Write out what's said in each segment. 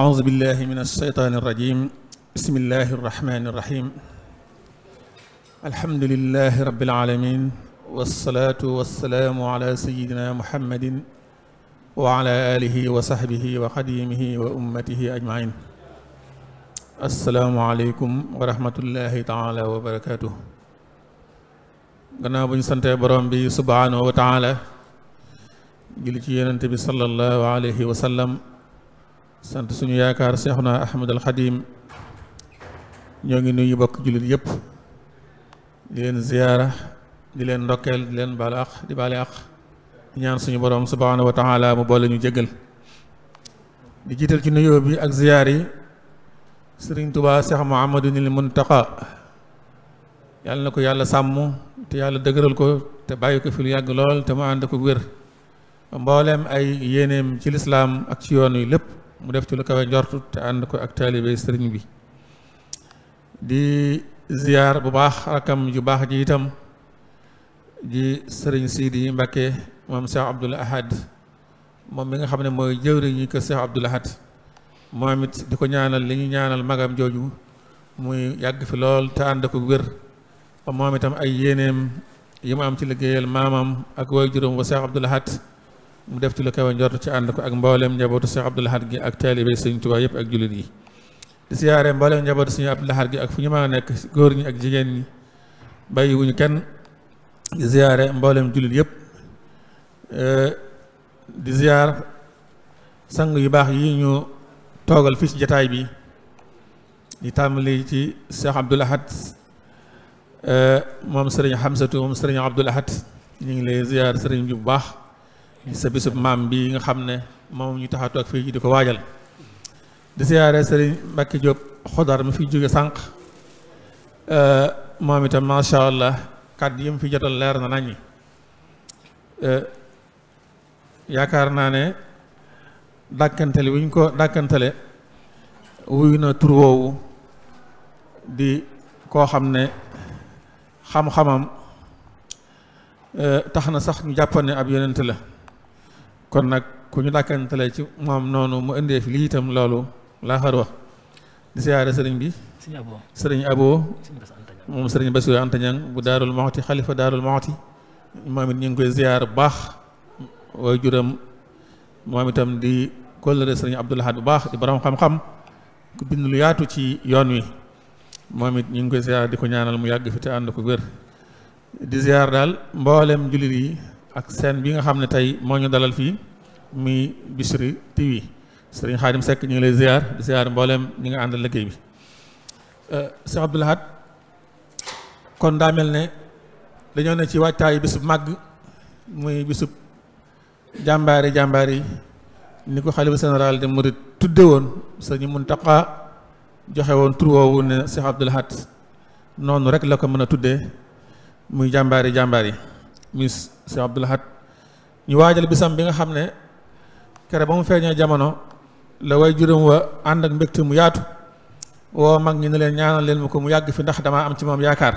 أعوذ بالله من الشيطان الرجيم بسم الله الرحمن الرحيم الحمد لله رب العالمين والصلاة والسلام على سيدنا محمد وعلى آله وصحبه وخديمه وأمته أجمعين asalaamualeykum wa rahmatullahi taala wa barakaatu. gannaaw bu ñu santee borom bi subhaanahu wa taala julli ci yonent bi sallallahu alayhi wa sallam sant suñu yaakaar seexuna naa al Xadim ñoo ngi nuyu bokk jullit yëpp di leen ziyaara di leen ndokkeel di leen baal àq di baale àq ñaan suñu boroom subaana wa taala mu boole ñu jégal di jiital ci nuyoo bi ak ziyaar yi sëriñ Tuubaa Seex Muhammadunil Muntaqa yàlla na ko yàlla sàmm te yàlla dëgëral ko te bàyyi ko fi lu yàgg lool te mu ànd ko wér mbooleem ay yéeneem ci lislaam ak ci yoon wi lépp mu def ci lu kawe njortu te ànd ko ak taalibe sëriñ bi di ziyaar bu baax rakam ju baax ji itam di sëriñ Sidi Mbacke moom Cheikh Abdoul Ahad moom bi nga xam ne mooy jëwriñu ko Cheikh Abdoul Ahad moom it di ko ñaanal li ñu ñaanal magam jooju muy yàgg fi lool te ànd ko wér moom itam ay yéeneem yi mu am ci liggéeyal maamam ak waajuram wa Cheikh Abdoul Ahad mu def ci lu kawe njort ci ànd ko ak mboolem njabootu Cheikh Abdoul gi ak taalibe Sëriñ Tuubaa yëpp ak jullit yi di siyaare mboolem njabootu Sëriñ Abdoul Ahad gi ak fu ñu ma a nekk góor ñi ak jigéen ñi bàyyiwuñu kenn di mboolem jullit yëpp eh, di siyaar sang yu baax yi ñu toogal fii ci jataay bi di tàmbali ci Cheikh Abdoul Ahad eh, moom Sëriñ Hamsatu moom Sëriñ Abdoul Ahad ñu ngi lay ziyaar sëriñ bi bu baax sa bisub maam bi nga xam ne moom ñu taxatu ak fii di ko waajal di siyaare Serigne Mbacke Diop xodar mi fi jóge sànq euh, moom itam macha allah kàddu yi mu fi jotal leer na naññi euh, yaakaar naa ne dàkkantale wuñ ko dàkkantale wuyu na tur woowu di koo xam ne xam-xamam euh, tax na sax ñu jàpp ne ab yonent la kon nag ku ñu dàkkantale ci moom noonu mu indee fi lii itam loolu laa xar wax di siyaare sëriñ bi sëriñ abo moom sëriñ Bassirou Anta Niang bu daarul Moxti xalifa daarul Moxti moom it ñu ngi koy ziyaar bu baax way juram moom itam di kóllëre sëriñ Abdul Ahad bu baax di borom xam-xam ku bind lu yaatu ci yoon wi moom it ñu ngi koy ziyaar di ko ñaanal mu yàgg fi te ànd ko wér di ziyaar daal mboolem jullit yi ak seen bi nga xam ne tey moo ñu dalal fii muy Bichri TV sëriñ Xaadim sekk ñu ngi lay ziar di ziar mbooleem ñi nga àndal liggéey bi euh, Cheikh Abdou Lahad kon daa mel ne dañoo ne ci waajtaayu bisub màgg muy bisub jàmbaari jàmbaari ni ko xalifa général de Murid tudde woon sëriñ Muntaqa joxe woon tur woowu ne Cheikh Abdou Lahad noonu rek la ko mën a tuddee muy jàmbaari jàmbaari muy Cheikh Abdoul Ahad ñu waajal bisam bi nga xam ne kere ba mu feeñee jamono la way juróom wa ànd ak mbégte mu yaatu woo mag ñi ne leen ñaanal leen ma ko mu yàgg fi ndax damaa am ci moom yaakaar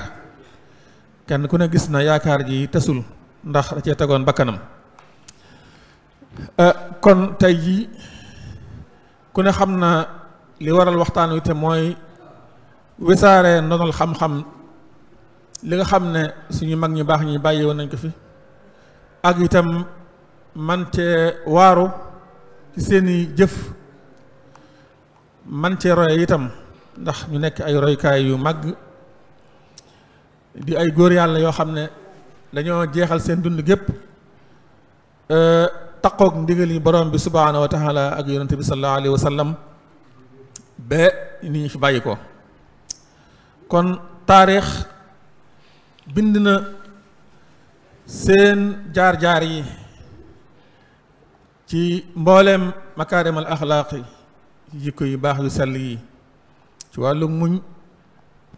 kenn ku ne gis na yaakaar ji tasul ndax da cee tegoon bakkanam eh, kon tey jii ku ne xam na li waral waxtaan wi te mooy wisaare ndonal xam-xam li nga xam ne suñu mag ñu baax ñi bàyyi woon nañ ko fi ak itam man cee waaru ci seeni jëf man cee roye itam ndax ñu nekk ay roykaay yu mag di ay góor yàlla yoo xam ne dañoo jeexal seen dund gépp euh, taqoog ndigal yi borom bi subhaanahu wa taala ak yonente bi sallallahu alayhi wa sallam ba ni ñu fi bàyyi ko kon taarix bind na seen jaar-jaar yi ci mbooleem makaarimal axlaaq jikko yu baax yu sell yi ci wàllu muñ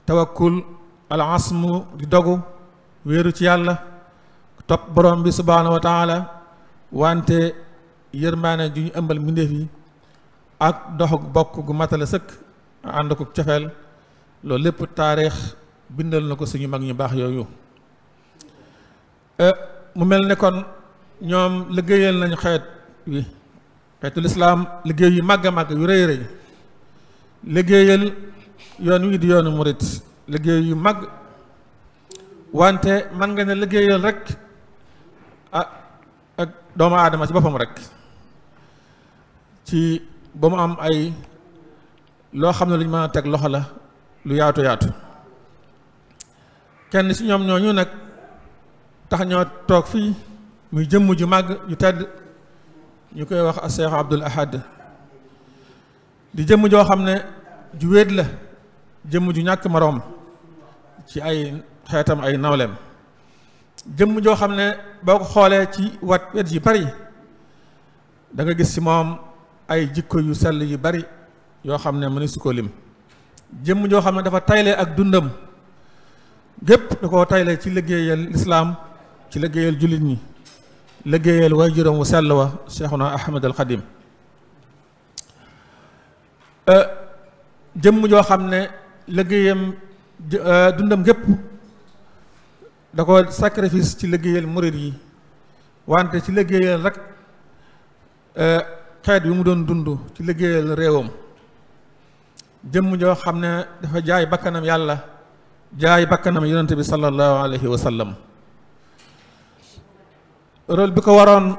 tawakkul al asmu di dogu wéeru ci yàlla topp borom bi subhaanahu wa wante yërmaane ju ñu ëmbal mbindeef yi ak dox bokk gu matale sëkk ànd ko cofeel loolu lépp taarix bindal na ko suñu mag ñu baax yooyu Euh, mu mel ne kon ñoom liggéeyal nañu xeet wi xeetu lislaam liggéey yu màgg a màgg yu rëy rëy liggéeyal yoon wi di yoonu murit liggéey yu màgg wante man nga ne liggéeyal rek ah ak doomu aadama ci boppam rek ci ba mu am ay loo xam ne lu ñu mën a teg loxo la lu yaatu yaatu kenn ci ñoom ñooñu nag tax ñoo toog fii muy jëmm ju màgg ju tedd ñu koy wax a Cheikh Abdoul Ahad di jëmm joo xam ne ju wéet la jëmm ju ñàkk moroom ci ay xeetam ay nawleem jëmm joo xam ne boo ko xoolee ci wat wet yu bari danga gis ci moom ay jikko yu sell yu bari yoo xam ne mënu su ko lim jëmm joo xam ne dafa tayle ak dundam gépp da koo tayle ci liggéeyal lislaam ci liggéeyal jullit ñi liggéeyal waajuram wu sell wa Cheikhuna Ahmad al Xadim euh, jëmm joo xam ne liggéeyam euh, dundam gépp da ko sacrifice ci liggéeyal murit yi wante ci liggéeyal rek euh, xeet yu mu doon dund ci liggéeyal réewam jëmm joo xam ne dafa jaay bakkanam yàlla jaay bakkanam yonente bi sallallahu alayhi wa role bi ko waroon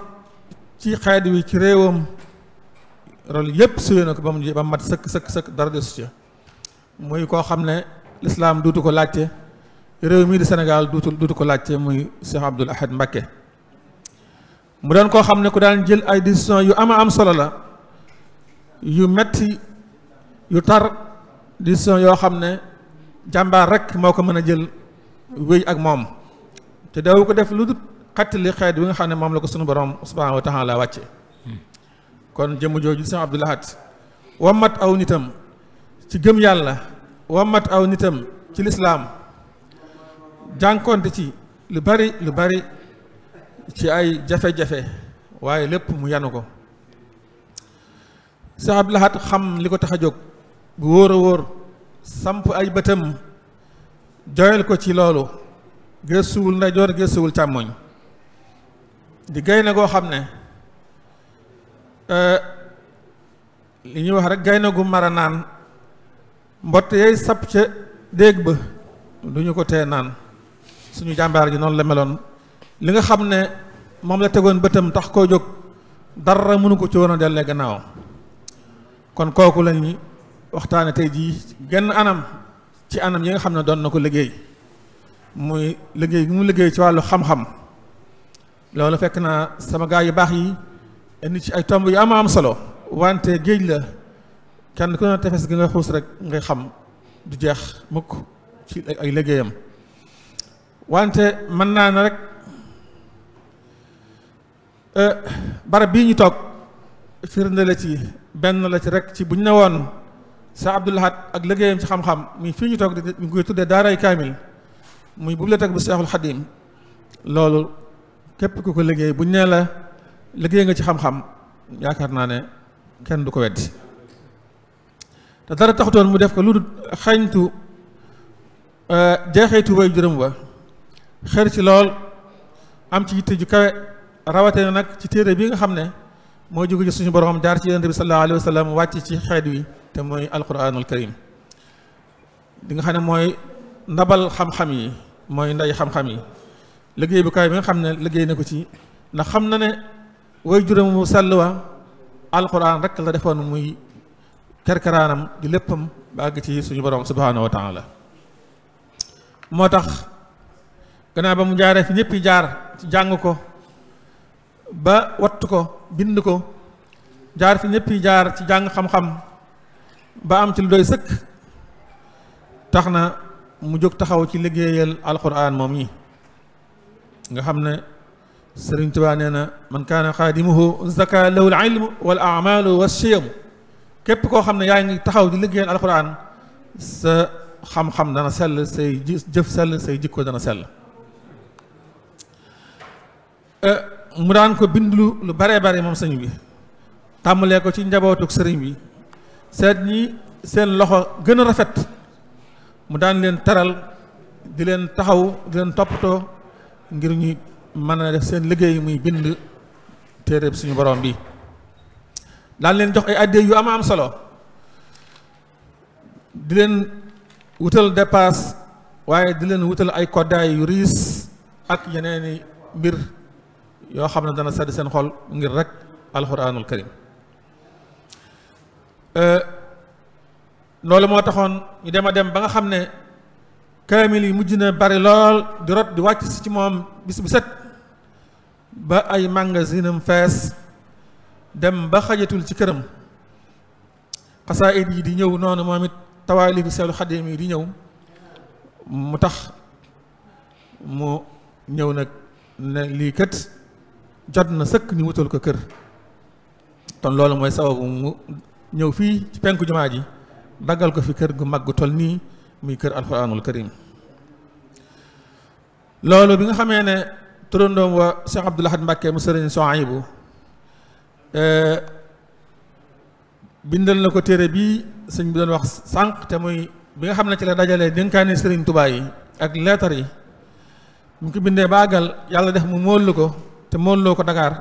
ci xeet wi ci réewam rôle yépp suyee na ko ba mu ba mat sëkk sëkk sëkk dara desu ca muy koo xam ne lislaam duutu ko laajte réew mii di Sénégal duutu duutu ko laajte muy Cheikh Abdoul Ahad Mbacké mu doon koo xam ne ku daan jël ay décision yu ama am solo la yu metti yu tar décision yoo xam ne jàmbaar rek moo ko mën a jël wéy ak moom te daw ko def lu xattali xeet bi nga xam ne moom la ko sunu borom subhanahu wa taala wàcce kon jëmm jooju sëñ Abdou Lahad wamat aw nitam ci gëm yàlla wamat aw nitam ci lislaam jànkonte ci lu bari lu bari ci ay jafe-jafe waaye lépp mu yanu ko sëñ Abdou xam li ko tax a jóg bu wóor a wóor samp ay bëtam joyal ko ci loolu gëstuwul ndeyjoor gëstuwul càmmoñ di gaynde goo xam ne euh, li ñuy wax rek gaynde gu mara naan mbott yay sab ca déeg ba du ñu ko tee naan suñu jàmbaar ji noonu la meloon li nga xam ne moom la tegoon bëtam tax koo jóg dara mënu ko ci woon a dellee gannaaw kon kooku lañuy waxtaane tey jii genn anam ci anam yi nga xam ne doon na ko liggéey muy liggéey bi mu liggéey ci wàllu xam-xam loolu fekk naa sama gaa yu baax yi indi ci ay tomb yu am a am solo wante géej la kenn ku ne tefes gi nga xuus rek ngay xam du jeex mukk ci ay liggéeyam wante mën naa ne rek euh, barab bii ñu toog firnde la ci benn la ci rek ci bu ñu ne woon sa Abdou Lahad ak liggéeyam ci xam-xam muy fii ñu toog di ñu koy tuddee daaray kaamil muy bibliothèque bu Seexul Xadim loolu képp ku ko liggéey buñ nee la liggéey nga ci xam-xam yaakaar naa ne kenn du ko weddi te dara taxutoon mu def ko lu dul xañtu euh, jeexeetu way juróom wa xër ci lool am ci yitte ju kawe rawatee na nag ci téere bii nga xam ne mooy jóge suñu borom jaar ci yonent bi sallallahu alayhi wa sallam ci xeet wi te mooy alquranul karim di nga xam ne mooy ndabal xam-xam yi mooy ndey xam-xam yi liggéey bu kaay bi nga xam ne liggéey na ko ci ndax xam na ne way juróom mu sell wa alquran rek la defoon muy kerkeraanam di léppam bàgg ci suñu borom subhanahu wa taala moo tax gannaaw ba mu jaaree fi ñëpp jaar ci jàng ko ba wattu ko bind ko jaar fi ñëpp jaar ci jàng xam-xam ba am ci lu doy sëkk tax na mu jóg taxaw ci liggéeyal alquran moom ñi nga xam ne Sëriñ Tuubaa nee na man kaana xaadimuhu zaka lahu al ilmu wal amalu wa siyamu képp koo xam ne yaa ngi taxaw di liggéey liggéeyal alquran sa xam-xam dana sell say jëf sell say jikko dana sell eh, mu daan ko bindlu lu baree bare moom sëñ bi tàmmalee ko ci njabootuk sëriñ bi seet ñi seen loxo gën a rafet mu daan leen teral di leen taxaw di leen toppatoo ngir ñu mën a def seen liggéey muy bind téeréb suñu borom bi daan leen jox ay addee yu am am solo di leen wutal depaas waaye di leen wutal ay koddaay yu riis ak yeneeni mbir yoo xam ne dana sedd seen xol ngir rek alxuraanul karim euh, loolu moo taxoon ñu dem dem ba nga xam ne kaamil yi mujj na bari lool di rot di wàcc ci moom bis bu set ba ay magasinam fees dem ba xajatul ci këram xasaayid yi di ñëw noonu moom it tawaalif bi seelu xadim yi di ñëw mu tax mu ñëw nag ne lii kët jot na sëkk ñu wutal ko kër kon loolu mooy sababu mu ñëw fii ci penku jumaa ji daggal ko fi kër gu mag gu toll nii muy kër alxuraanul karim loolu bi nga xamee ne turandoom wa Cheikh Abdoul Ahad Mbacké mu sëriñ Sohaybu eh, bindal na ko téere bii sëñ bi doon wax sànq te muy bi nga xam ne ci la dajalee dénkaane sëriñ tubaay yi ak leetar yi mu ko bindee baagal yàlla def mu mool ko te mooloo ko Dakar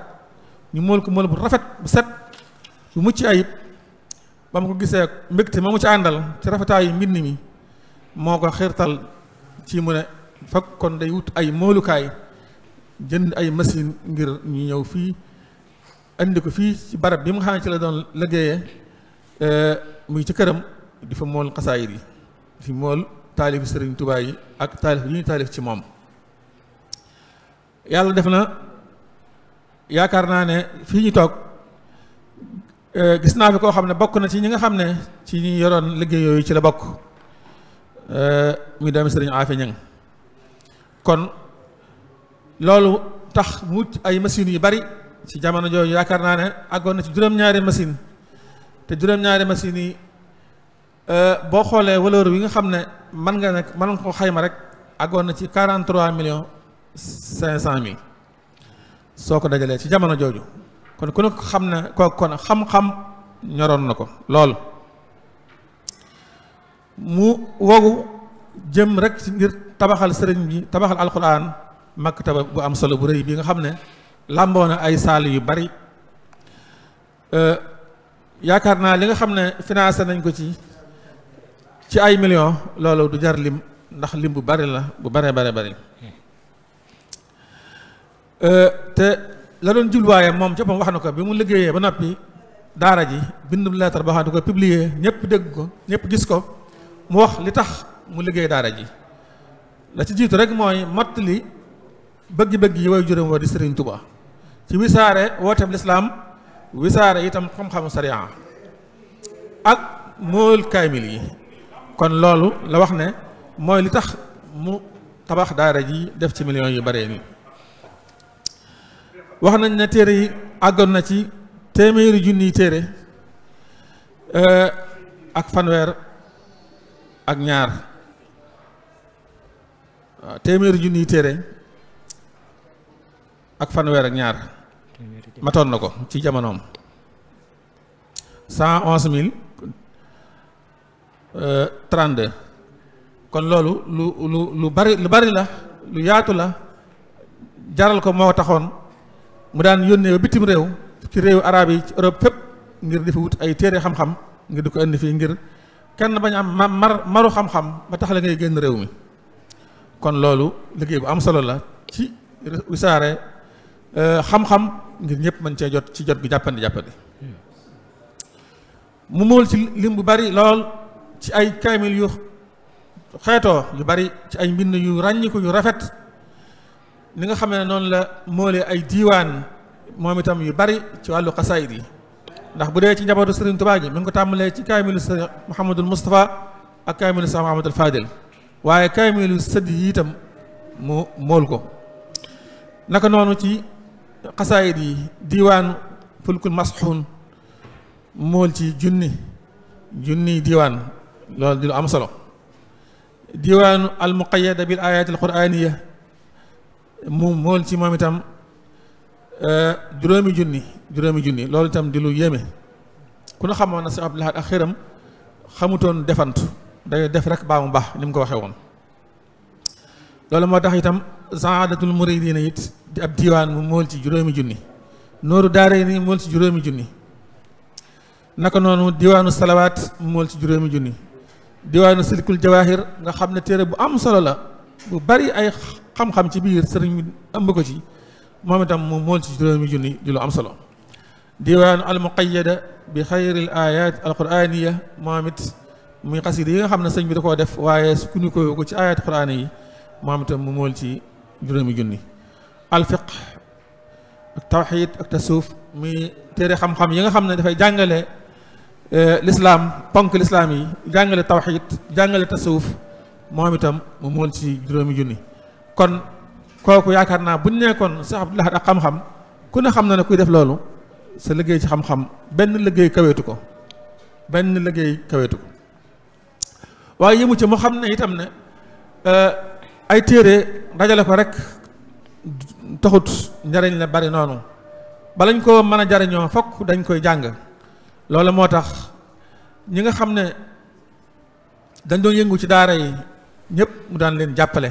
ñu mool ko mool bu rafet bu set bu mucc ayib ba mu ko gisee mbégte ma mu ci àndal ci rafetaayu mbind mi moo ko xeertal ci mu ne fak kon day wut ay moolukaay jënd ay machine ngir ñu ñëw fii andi ko fii ci barab bi mu xam ne ci la doon liggéeyee eh, muy ci këram di fa mool xasaayid yi fi mool taalif sëriñ Tuubaa yi ak taalif yi ñu taalif ci moom yàlla def na yaakaar naa ne fii ñu toog eh, gis naa fi koo xam ne bokk na ci ñi nga xam ne ci ñi yoroon liggéey yooyu ci la bokk Euh, muy doomi sëriñ Afe Ñang kon loolu tax mu ay machines yu bari ci jamono jooju yaakaar naa ne àggoon na ci juróom-ñaari machine te juróom-ñaari machines yi euh, boo xoolee valeur wi nga xam ne mën nga ne mën nga ko xayma rek àggoon na ci 43 millions 500 mille soo ko dajalee ci jamono jooju kon ku ne ko xam ne kooku kon xam-xam ñoroon na ko lool mu wogu jëm rek ci ngir tabaxal sëriñ bi tabaxal alquran maktaba bu am solo bu rëy bi nga xam ne làmboo na ay saal yu bari euh, yaakaar naa li nga xam ne financé nañ ko ci ci ay millions loolu du jar lim ndax lim bu bari la bu baree bare bari euh, te la doon jubluwaayam moom ci boppam wax na ko bi mu liggéeyee ba noppi daara ji bindu lettre boo xam ne ko publier ñëpp dégg ko ñëpp gis ko mu wax li tax mu liggéey daara ji la ci jiitu rek mooy matt li bëgg-bëgg yi way juróom wa di Serigne Touba ci wisaare wooteem lislaam wisaare itam xam-xam sariya ak mool kaamil yi kon loolu la wax ne mooy li tax mu tabax daara ji def ci million yu bare nii wax nañ ne téere yi àggoon na ci téeméeri junniy téere euh, ak fanweer ak ñaar waaw téeméeri junniy téere ak fanweer ak ñaar matoon na ko ci jamonoom cent onze mille euh, trente-deux kon loolu lu lu lu bari lu bari la lu yaatu la jaral ko moo taxoon mu daan yónnee bitim réew ci réewu araab yi ci Europe fépp ngir di fi wut ay téere xam-xam ngir di ko indi fii ngir kenn bañ am mar maru xam-xam ba tax la ngay génn réew mi kon loolu liggéey bu am solo la ci wisaare euh, xam-xam ngir ñëpp mën cee jot ci jot bi jàppandi jàppandi mu mool ci lim bu bari lool ci ay kaamil yu xeetoo yu bari ci ay mbind yu ràññiku yu rafet ni nga xam ne noonu la moolee ay diiwaan moom itam yu bari ci wàllu xasaayid yi ndax bu dee ci njabootu Serigne Touba gi mi ngi ko tàmbalee ci kaamilu Serigne Mouhamadul Moustapha ak kaamilu sa Mouhamadul Fadil waaye kaamilu sëdd yi itam mu mool ko naka noonu ci xasaayid yi diiwaan fulkul masxuun mool ci junni junni diiwaan loolu di lu am solo diiwaanu al muqayada ayaati al mu mool ci moom itam Eh, juróomi junni juróomi junni loolu itam di lu yéeme ku ne xamoon na si Abdul Ahad ak xëram xamutoon defantu day def rek baa mu baax ni mu ko waxee woon loolu moo tax itam saadatul muridina it di ab diiwaan mu mool ci juróomi junni nooru daaree ni mool ci juróomi junni naka noonu diwaanu salawaat mool ci juróomi junni diwaanu silkul jawahir nga xam ne téere bu am solo la bu bari ay xam-xam ci biir sëriñ ëmb ko ci moom itam mu mool ci juróomi junni di lu am solo diwaanu almuqayada bi xayril ayat alquraniya moom it muy xasida yi nga xam ne sëñ bi da koo def waaye sukkandikoo ko ci ayat quraan yi moom itam mu mool ci juróomi junni alfiq ak tawxid muy téere xam yi nga xam ne dafay jàngale eh, lislaam ponk lislaam yi jàngale tawxid jàngale tasuuf moom itam mu mool ci juróomi junni kon kooku yaakaar naa bu ñu nekkoon Cheikh Abdou Lahad ak xam-xam ku ne xam na ne kuy def loolu sa liggéey ci xam-xam benn liggéey kawetu ko benn liggéey kawetu ko waaye yëmu ci mu xam ne itam ne eh, ay téere dajale ko rek taxut njariñ la bari noonu balañ ko mën a jariñoo fokk dañ koy jàng loolu moo tax ñi nga xam ne dañ doon yëngu ci daara yi ñëpp mu daan leen jàppale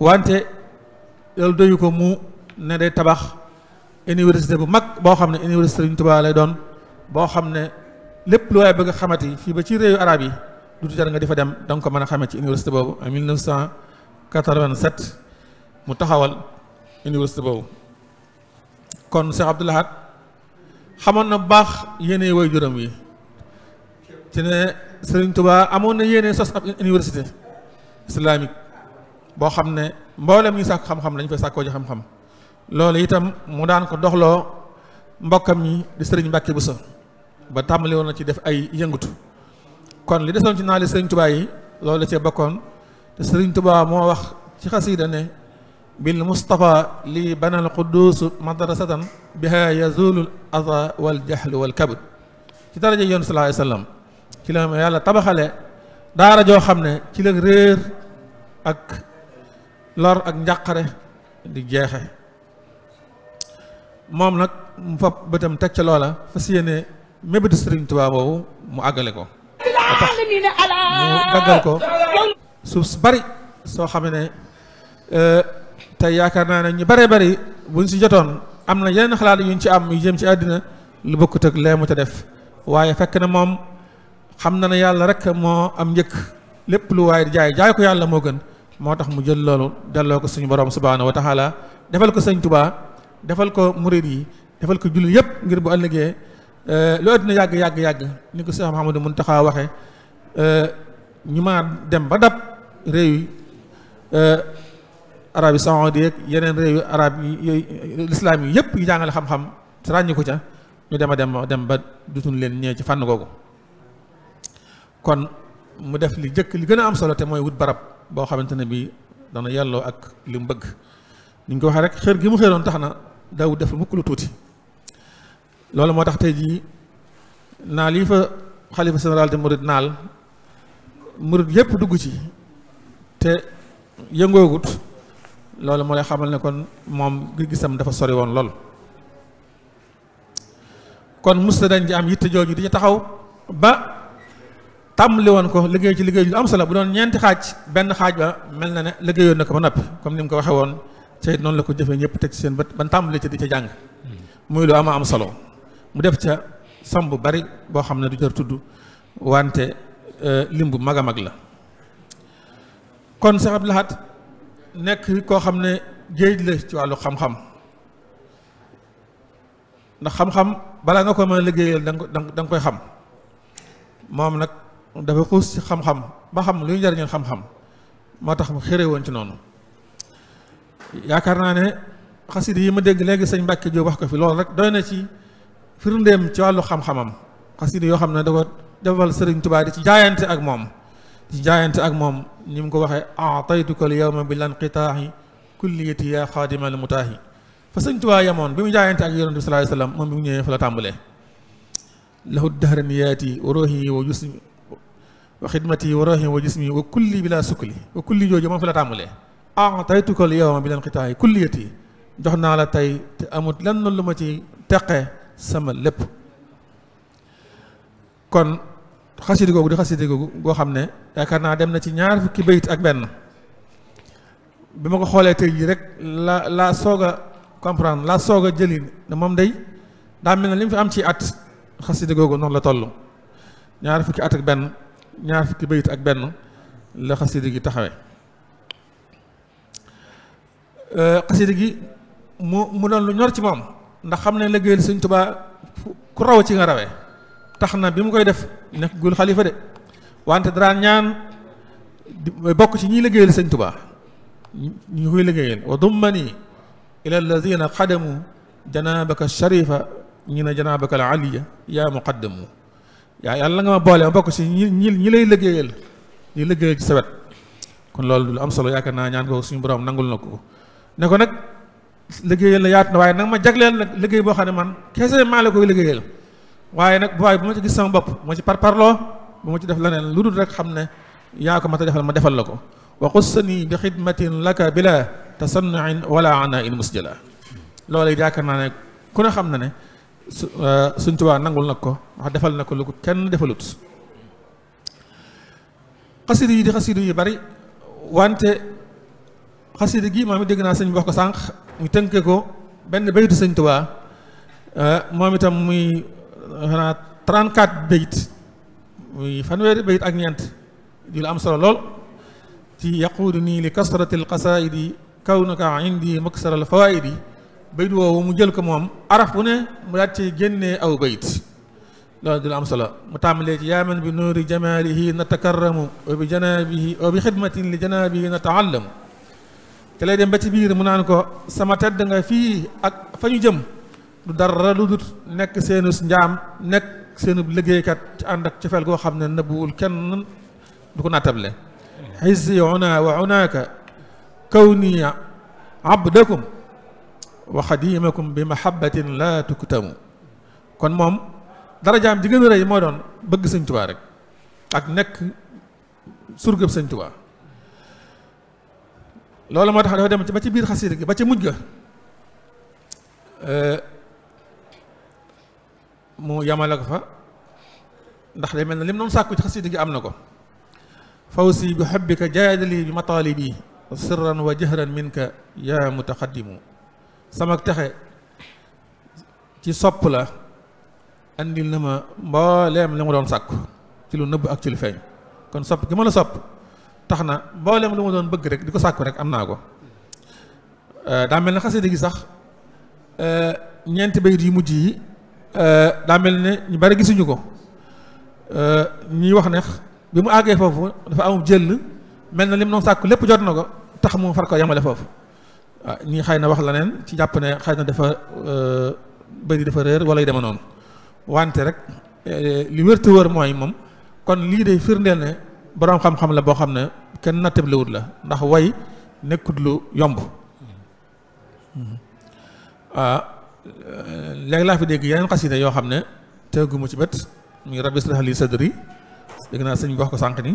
wante loolu doyu ko mu ne day tabax université bu mag boo xam ne université Sëriñ tubaa lay doon boo xam ne lépp lu waaye bëgg a xamati fii ba ci réewu araab yi du jar nga di fa dem da nga ko mën a xamee ci université boobu en 1987 mu taxawal université boobu kon Cheikh Abdou xamoon na baax yéene way juróom yi ci ne Sëriñ Tuubaa amoon na yéene sos ab université islamique boo xam ne mboolem ñi sàkk xam-xam dañ fay sàkkoo ji xam-xam loolu itam mu daan ko doxloo mbokkam ñi di sëriñ Mbàkke Buso ba tàmbali woon na ci def ay yëngatu kon li desoon ci naa li sëriñ Tuubaa yi loolu la cee bokkoon te sëriñ Tuubaa moo wax ci xasiida ne bil Mustafa lii banal quddus madrasatan biha yazulul ada wal jahl wal kabd ci daraja yoon sallallahu alayhi ci la yàlla tabaxale daara joo xam ne ci la réer ak lor ak njàqare di jeexe moom nag mu fab bëtam teg ca loola si yéene mébétu Sëriñ Tuubaa boobu mu àggale ko tax suuf su bari soo xam ne euh, tey yaakaar naa ne ñu bare bari buñ si jotoon am na yeneen xalaat yuñ ci am yu jëm ci àddina lu bokkut ak lee mu ca def waaye fekk na moom xam na ne yàlla rek moo am njëkk lépp lu waaye jaay jaay ko yàlla moo gën moo tax mu jël loolu delloo ko suñu borom subhaanahu wa taala defal ko sëñ tubaa defal ko murid yi defal ko jullit yëpp ngir bu ëllëgee eh, lu àddina yàgg yàgg yàgg ni ko Seex Muhammadu Muntaxa waxee eh, ñu ma dem ba dab réew yi eh, arab yi saudi ak yeneen réew yu arab yi lislaam yi yëpp yu jàngale xam-xam ràññi ko ca ñu dem a dem dem ba dutuñ leen ñëwee ci fànn googu kon mu def li jëkk li gën a am solo te mooy wut barab boo xamante ne bii dana yàlloo ak li mu bëgg ni ko waxee rek xër gi mu xëroon tax na daw def mukk lu tuuti loolu moo tax tey jii naal yi fa xalifa général de murid naal murid yépp dugg ci te yëngoogut loolu moo lay xamal ne kon moom gi gisam dafa sori woon lool kon musta dañ ji am yitte jooju di taxaw ba tàmbali woon ko liggéey ci liggéey lu am solo bu doon ñeenti xaaj benn xaaj ba mel na ne liggéeyoon na ko ba noppi comme ni mu ko waxee woon te noonu la ko jëfee ñëpp teg seen bët ban tàmbali ci di ca jàng muy loo ama am solo mu def ca sam bu bari boo xam ne du jër tudd wante euh, lim bu mag a mag la kon Cheikh Abdou nekk koo xam ne géej la ci wàllu xam-xam ndax xam-xam balaa nga ko mën liggéeyal da nga da koy xam moom nag dafa xuus ci xam-xam ba xam luy njariñul xam-xam moo tax mu xére woon ci noonu yaakaar naa ne xasida yi ma dégg léegi sëñ Mbàkke Jóob wax ko fi loolu rek doy na ci firndeem ci wàllu xam-xamam xasida yoo xam ne da ko defal sëriñ Tuubaa di ci jaayante ak moom ci jaayante ak moom ni mu ko waxee ataytuka al yawma bil inqitaahi kulliyati yaa xaadimal mutaahi fa sëñ Tuubaa yemoon bi mu jaayante ak yonent bi sallallahu alayhi wasallam moom bi mu ñëwee fa la tàmbalee lahu dahran yaati wa ruuhi wa jismi wa xidmati wa rahim wa jismi wa kulli bila sukli wa kulli jooju moom fi la tàmbalee ah tey tukkal yow bi leen xitaay kulliyati jox naa la tey te amut lenn lu ma ci teqe sama lépp kon xasidi googu di xasidi googu goo xam ne yaakaar naa dem na ci ñaar fukki bayit ak benn bi ma ko xoolee tey jii rek la la soog a comprendre la soog a jëli moom day daa mel ne li mu fi am ci at xasidi googu noonu la toll ñaar fukki at ak benn ñaar fukki bayit ak benn la xasida gi taxawe euh, xasida gi mu mu doon lu ñor ci moom ndax xam ne liggéeyal Sëñ Tuubaa ku raw ci nga rawee tax na bi mu koy def nekk gul xalifa de wante dara ñaan bokk ci ñiy liggéeyal Sëñ Tuubaa ñu koy liggéeyal wa dummani ila alladina xadamu janaabaka sharifa ñu ne janaabaka al aliya yaa muqaddamu yaa yàlla nga ma boole ma bokk si ñi ñi ñi lay liggéeyal ñi liggéeyal ci sawet kon loolu lu am solo yaakaar naa ñaan ko suñu borom nangul na ko ne ko nag liggéeyal la yaatu na waaye nag ma jagleel nag liggéey boo xam ne man kese maa la koy liggéeyal waaye nag waaye bu ma ci gis sama bopp ma ci parparloo bu ma ci def leneen lu dul rek xam ne yaa ma ta defal ma defal la ko wa xussani bi xidmatin laka bila tasannuin wala ana in musjala loolu yaakaar naa ne ku ne xam na ne su eh, suñ tubaa nangul nag ko wax defal na ko lu ko kenn defalut xasida yi di xasida yu bari wante xasida gi moom it dégg naa sëñ wax ko sànq ñu tënkee ko benn baytu sëñ tubaa eh, moom itam muy eh, xanaa 34 bayt muy fanweeri bayt ak ñeent di lu am solo lool ci yaquudu nii li kasrati alqasaidi kawnaka indi maksara alfawaidi bayit woowu mu jël ko moom araf bu ne mu daat ci génnee aw bayit loolu dina am solo mu tàmbalee ci yaa bi nuuri jamaalihi natakarramu wa bi janaabihi wa bi xidmatin li janaabihi nataallamu te lay dem ba ci biir mu naan ko sama tedd nga fii ak fa ñu jëm du dara lu dut nekk seenu njaam nekk seenu liggéeykat ci ànd ak cofeel goo xam ne nëbbuwul kenn du ko nattable xizzi hmm. una wa unaaka kawni abdakum wa xadimakum bi mahabbatin la tuktamu kon moom darajaam ji gën a moo doon bëgg sëñ tubaa rek ak nekk surgëb sëñ tubaa loolu moo tax dafa dem ba ci biir xasida gi ba ci mujj ga eh, mu yamale ko fa ndax day mel ne lim noonu sàkku ci xasida gi am na ko si bi hubbika jaadali bi matalibi sirran wa jahran minka ya mutaqaddimu sama texe ci sopp la andil na ma mbooleem li mu doon sàkku ci lu nëbb ak ci lu feeñ kon sopp gi ma a sopp tax na mbooleem lu ma doon bëgg rek di ko sàkku rek am naa ko euh, daa mel ne xasida gi sax euh, ñeenti bayit yu mujj yi euh, daa mel ne ñu bari gisuñu ko ñuy wax ne bi mu àggee foofu dafa amul jël mel na li mu doon sàkku lépp jot na ko tax mu far ko yamale foofu ñii ah, xay na wax la neen ci jàpp ne xay na dafa euh, bëri dafa réer wala yu deme noonu wante rek eh, li wér te wër mooy moom kon lii de firndeel ne boroom xam-xam la boo xam ne kenn nattablewut la ndax way nekkut lu yomb ah, léegi laa fi dégg yeneen xasida yoo xam ne teeguma ci bët mu ngi rabbi israh li dégg naa sëñ bi wax ko sànq ni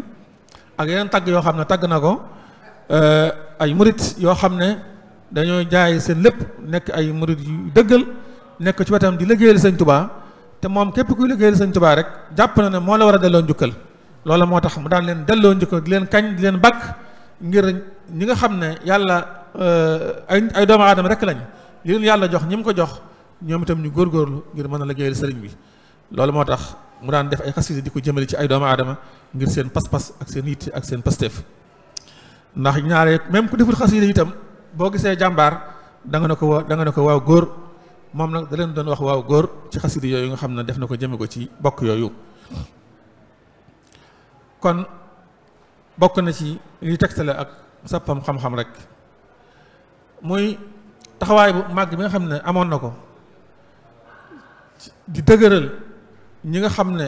ak yeneen tagg yoo xam ne tagg na ko euh, ay murit yoo xam ne dañoo jaay seen lépp nekk ay murid yu dëggal nekk ci wetam di liggéeyal sëñ tubaa te moom képp kuy liggéeyal sëñ tubaa rek jàpp na ne moo la war a delloo njukkal loola moo tax mu daan leen delloo njukkal di kañ di leen bakk ngir ñi nga xam ne yàlla euh, ay ay doomu aadama rek lañ li yàlla jox ñi mu ko jox ñoom itam ñu góorgóorlu ngir mën a liggéeyal sëriñ bi loolu moo tax mu daan def ay xasida di ko jëmale ci ay doomu aadama ngir seen pas-pas ak seen yitte ak seen pasteef ndax ñaare même ku deful xasida itam boo gisee jàmbaar danga ne ko waaw da nga ne ko waaw góor moom nag da leen doon wax waaw góor ci xasida yooyu nga xam ne def na ko jëme ko ci bokk yooyu kon bokk na ci li tegtale ak sappam xam-xam rek muy taxawaay bu màgg bi nga xam ne amoon na ko di dëgëral ñi nga xam ne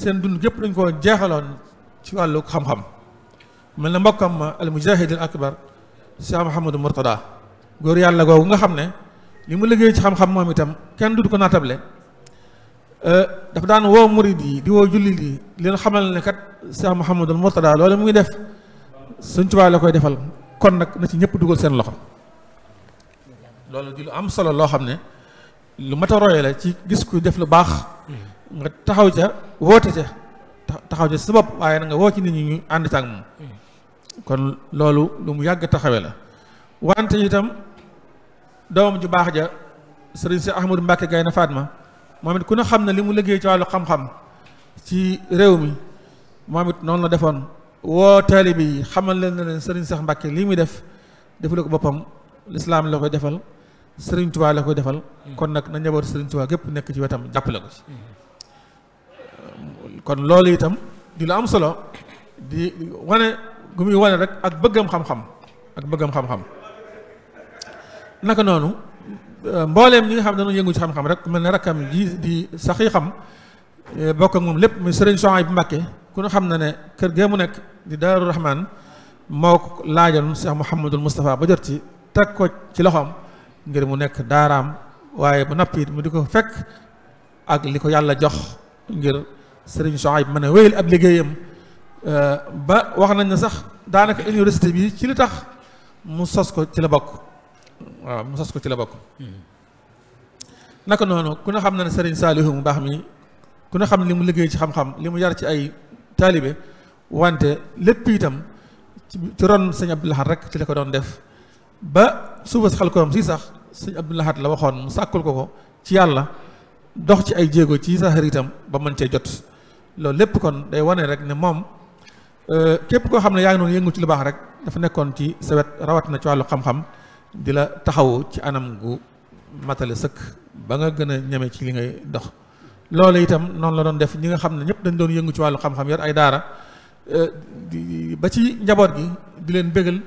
seen dund gépp dañ koo jeexaloon ci wàllu xam-xam mel na mbokkam ma al mujahid al akbar Cheikh Mouhamadou Mourtada góor yàlla googu nga xam ne li ma liggéey ci xam-xam moom itam kenn du du ko naatable euh, dafa daan woo murid yi di woo jullit yi leen xamal ne kat Cheikh Mouhamadou Mourtada loolu mu ngi def Sëñ Tuubaa la koy defal kon nag na ci ñëpp dugal seen loxo loolu di lu am solo loo xam ne lu mat a roye la ci gis ku def lu baax nga taxaw ca woote ca taxaw ca sa bopp waaye na nga woo ci nit ñi ñu ànd ca moom kon loolu lu mu yàgg taxawe la wante itam doomam ju baax ja sëriñ si Ahmadou Mbacke Gaynde ma moom it ku ne xam ne li mu liggéey ci wàllu xam-xam ci réew mi moom it noonu la defoon woo taalibe yi xamal leen ne leen sëriñ sax Mbacke lii muy def deful ko boppam lislaam la koy defal sëriñ Tuubaa la koy defal kon nag na njaboot sëriñ Tuubaa gépp nekk ci wetam jàpp jàppale ko ci kon loolu itam di lu am solo di wane gu muy wane rek ak bëggam xam-xam ak bëggam xam-xam naka noonu euh, mbooleem ñi nga xam ne dañoo yëngu ci xam-xam rek mel ne rakkam ji di saxi xam euh, bokk moom lépp muy sëriñ bu Mbacké ku ñu xam na ne kër gee mu nekk di Daaru Rahman moo ko laajoon Cheikh Mouhamadul Moustapha ba jot ci teg ko ci loxoom ngir mu nekk daaraam waaye bu noppi mu di ko fekk ak li ko yàlla jox ngir sëriñ Souhaïbou mën a wéyal ab liggéeyam Euh, ba wax nañ ne sax daanaka université bi ci li tax mu sos ko ci la bokk waaw mu sos ko ci la bokk naka noonu ku ne xam na ne seriñ Saliou mu baax mi ku ne xam ne li mu liggéey ci xam-xam li mu yar ci ay taalibe wante lépp itam ci ron sëñ Abdou Lahad rek ci la ko doon def ba suba xel koom si sax sëñ Abdou Lahad la waxoon mu sàkkul ko ko ci yàlla dox ci ay jéego ci saxar itam ba mën cee jot loolu lépp kon day wane rek ne moom Euh, képp koo xam ne yaa ngi noonu yëngu ci lu baax rek dafa nekkoon ci sa wet rawat na ci wàllu xam-xam di la taxawu ci anam gu matale sëkk ba nga gën a ñeme ci li ngay dox loolu itam noonu la doon def ñi nga xam ne ñëpp dañ doon yëngu ci wàllu xam-xam yor ay daara euh, ba ci njaboot gi di leen bégal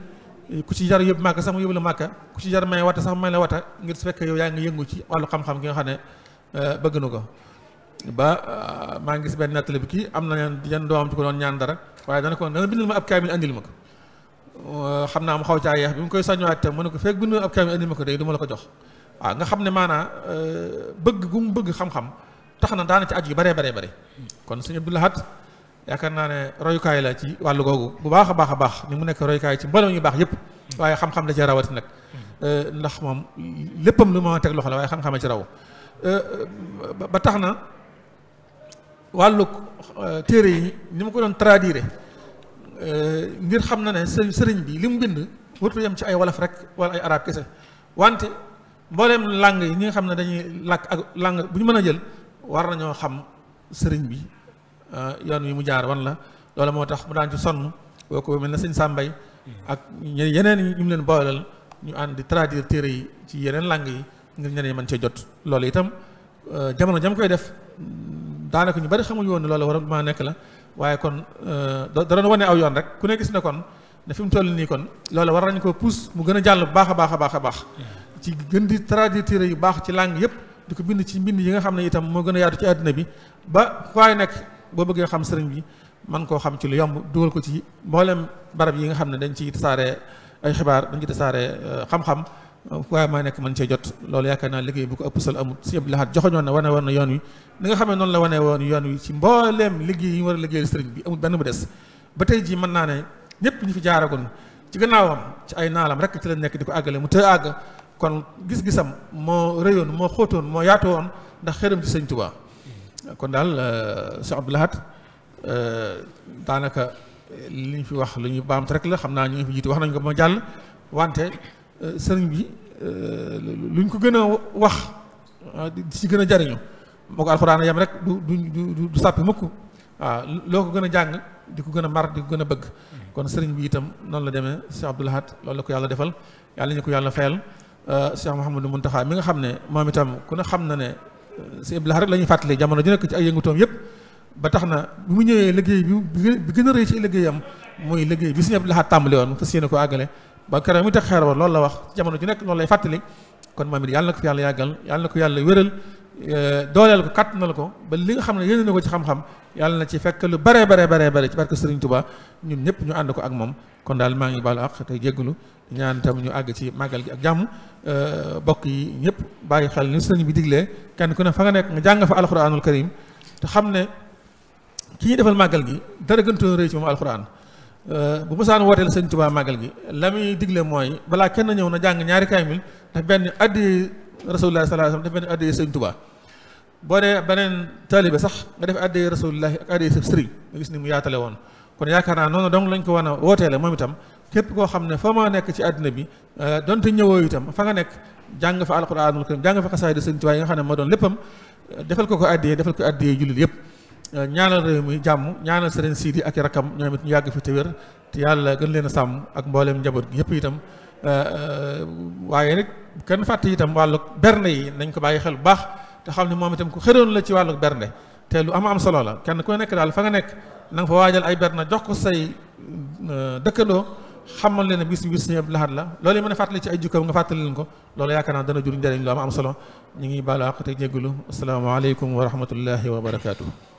eh, ku ci jar yóbbu màkka sax mu yóbbu la màkka ku ci jar may wata sax may la wata ngir su fekkee yow yaa ngi yëngu ci wàllu xam-xam gi nga xam ne euh, bëgg na ko ba ah, maa ngi gis benn nettali bi kii am na yenn doomam ci ko doon ñaan dara waaye dana ko dana bindal ma ab kaamil andil ma ko xam naa mu xaw caa yeex bi mu koy soññewaat itam mu ne fekk bindal ma ab kaamil andil ma ko day du ma la ko jox waaw nga xam ne maanaa eh, bëgg gu mu bëgg xam-xam tax na daana ci aju yu baree baree bare kon suñu Abdou Lahad yaakaar naa ne royukaay la ci wàll googu bu baax a baax a baax ni mu nekk royukaay ci mbooloo ñu baax yëpp waaye xam-xam la rawati nag eh, ndax moom léppam lu ma teg loxo la waaye xa ci raw eh, ba tax na wàllu euh, téere yi ni ma ko doon traduire euh, ngir xam na ne së sëriñ bi li mu bind wërtu yem ci ay wolof rek wala ay arab kese wante mbooleem langue yi ñi nga xam ne dañuy làkk ak langue bu ñu mën a jël war nañoo xam sëriñ bi euh, yon yi mu jaar wan la loolu moo tax mu daan ci sonn boo ko mel na sëñ Sàmbay ak yeneen ñu mu leen booleel ñu ànd di traduire téere yi ci yeneen langue yi ngir ñeneen mën cee jot loolu itam jamono jam koy def daanaka ñu bari xamuñu yoon ne loolu war maa nekk la waaye kon euh, dara na wane aw yoon rek ku ne gis na kon ne fi mu toll nii kon loolu war nañ koo pousse mu gën a jàll bu baax a baax a baax a baax ci gën di traduire yu baax ci langue yëpp di ko bind ci mbind yi nga xam ne itam moo gën a yaatu ci àddina bi ba waaye nekk boo bëggee xam sëriñ bi man koo xam ci lu yomb dugal ko ci mboolem barab yi nga xam ne dañ ci tasaare ay xibaar dañ ci tasaare euh, xam-xam waaye ma nekk mën cee jot loolu yaakaar naa liggéey bu ko ëpp solo amul si yëpp laxaat joxoñoon na wane woon na yoon wi ni nga xam ne noonu la wane woon yoon wi ci mbooleem liggéey yi ñu war a liggéeyal sëriñ bi amul benn bu des ba tey jii man naa ne ñëpp ñu fi jaaragoon ci gannaawam ci ay naalam rek ci la nekk di ko àggale mu të àgg kon gis-gisam moo rëyoon moo xootoon moo yaatu woon ndax xëram ci sëñ Tuubaa kon daal Cheikh Abdou Lahad euh, daanaka li ñu fi wax lu ñu baamtu rek la xam naa ñu ngi fi wax nañ ko ba jàll wante Euh, sëriñ bi euh, luñ ko gën a wax ah, di si gën a jariñu moo ko alxuraan yam rek du du du sàppi mukk waaw loo ko gën a jàng di ko gën a mar di ko gën a bëgg kon sëriñ bi itam noonu la demee Cheikh Abdoul Ahad loolu la ko yàlla defal yàlla ñu ko yàlla fayal euh, Cheikh mun Mountakha mi nga xam ne moom itam ku ne xam na ne si Abdoul Ahad rek la ñuy fàttali jamono ju nekk ci ay yëngutoom yëpp ba tax na bi mu ñëwee liggéey bi bi gën a rëy ci liggéeyam mooy liggéey bi Sëriñ Abdoul Ahad tàmbali woon fas ko àggale ba keroog mu tax xeer wa loolu la wax jamono ju nekk loolu lay fàttali kon moom it yàlla na ko fi yàlla yàggal yàlla na ko yàlla wéral e, dooleel ko kàttanal ko ba li nga xam ne yéene na ko ci xam-xam yàlla na ci fekk lu bare bare bare bare ci barke Serigne Touba ñun ñëpp ñu ànd ko ak moom kon daal maa ngi baalu àq tey jéggulu ñaan tam ñu àgg ci màggal gi ak jàmm e, bokk yi ñëpp bàyyi xel ni sëriñ bi diglee kenn ku ne fa nga nekk nga jàng fa alquranul karim te xam ne ki ñuy màggal gi dara gëntoon rëy Euh, bu mosaan wooteele sëñ Tuubaa màggal gi la muy digle mooy balaa kenn ñëw na jàng ñaari kaamil daf benn addi rasulullah sallallahu alayhi wasallam daf benn addi sëñ Tuubaa boo dee beneen taalibe sax nga def addi rasulullah ak addi sa sëriñ nga gis ni mu yaatale woon kon yaakaar naa noonu donc lañ ko war a wooteele moom itam képp koo xam ne foo ma nekk ci àddina bi euh, donte ñëwoo itam fa nga nekk jàng fa alquranul karim jàng fa xasaayid sëñ Tuubaa yi nga xam ne moo doon léppam euh, defal ko ko addiyee defal ko addiyee yëpp Euh, ñaanal réew mi jàmm ñaanal Serigne Sidi ak i rakam ñoom it ñu yàgg fi te wér te yàlla gën leen sàmm ak mbooleem njaboot gi yëpp itam euh, euh, waaye rek kenn fàtte itam wàllu bernde yi nañ ko bàyyi xel bu baax te xam ne moom itam ku xëroon la ci wàllu bernde te lu am am solo la kenn ku nekk daal fa nga nekk na nga fa waajal ay bernde jox ko say dëkkandoo xamal leen ne bis bis ñëpp laxat la loolu yi mën a fàttali ci ay jukkaam nga fàttali leen ko loolu yaakaar naa dana jur njëriñ lu am am ñu ngi baalu àq te jégalu asalaamaaleykum wa rahmatullahi wa barakaatu.